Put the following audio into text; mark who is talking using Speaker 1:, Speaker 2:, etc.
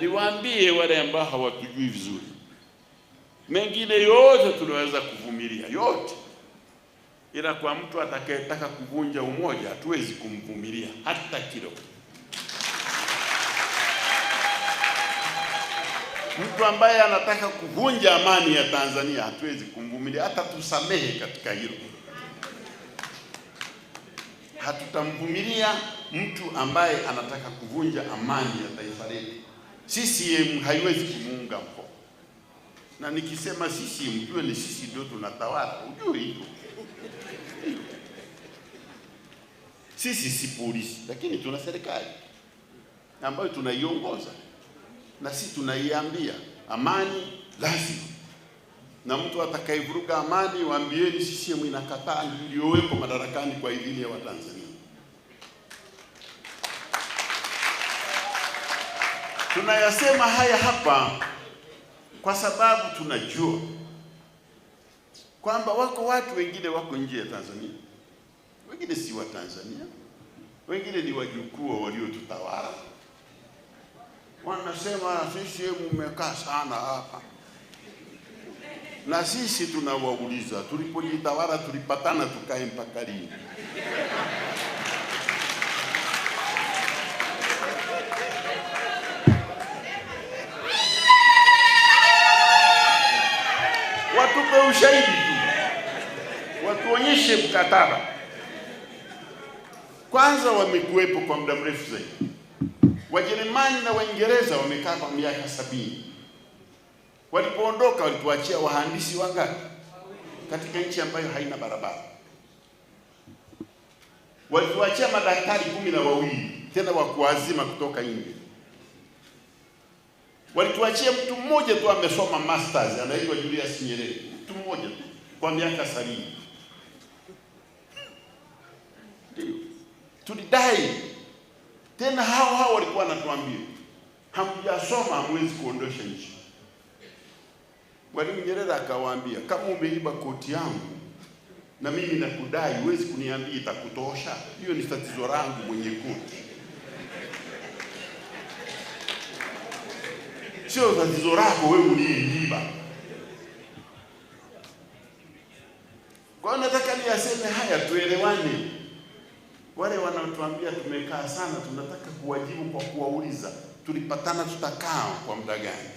Speaker 1: niwaambie wale ambao hawatujui vizuri, mengine yote tunaweza kuvumilia yote, ila kwa mtu atakayetaka kuvunja umoja hatuwezi kumvumilia hata kidogo. Mtu ambaye anataka kuvunja amani ya Tanzania hatuwezi kumvumilia, hata tusamehe katika hilo. Hatutamvumilia mtu ambaye anataka kuvunja amani ya taifa letu. CCM haiwezi kumuunga mkono, na nikisema sisi mjue ni sisi ndio tunatawala, ujue hivyo. Sisi si polisi, lakini tuna serikali ambayo tunaiongoza na sisi tunaiambia amani lazima na mtu atakayevuruga amani, waambieni CCM inakataa, iliyowekwa madarakani kwa idhini ya Watanzania. Tunayasema haya hapa kwa sababu tunajua kwamba wako watu wengine wako nje ya Tanzania, wengine si wa Tanzania, wengine ni wajukuu waliotutawala, wanasema sisi mmekaa sana hapa na sisi tunawauliza, tulipojitawala tulipatana tukae mpaka lini? Watupe ushahidi tu, watuonyeshe mkataba kwanza. Wamekuwepo kwa muda mrefu zaidi. Wajerumani na Waingereza wamekaa kwa miaka sabini. Walipoondoka walituachia wahandisi wangapi katika nchi ambayo haina barabara? Walituachia madaktari kumi na wawili tena wa kuazima kutoka nje. Walituachia mtu mmoja tu amesoma masters, anaitwa Julius Nyerere, mtu mmoja tu kwa miaka sabini. Ndio tulidai tena, hao hao walikuwa wanatuambia hamjasoma, hamwezi kuondosha nchi Mwalimu Nyerere akawaambia, kama umeiba koti yangu na mimi nakudai, huwezi kuniambia itakutosha. Hiyo ni tatizo langu mwenye koti, sio tatizo lako wewe uliyeiba. Kwa hiyo nataka niyaseme haya tuelewane. Wale wanatuambia tumekaa sana, tunataka kuwajibu kwa kuwauliza tulipatana, tutakaa kwa muda gani?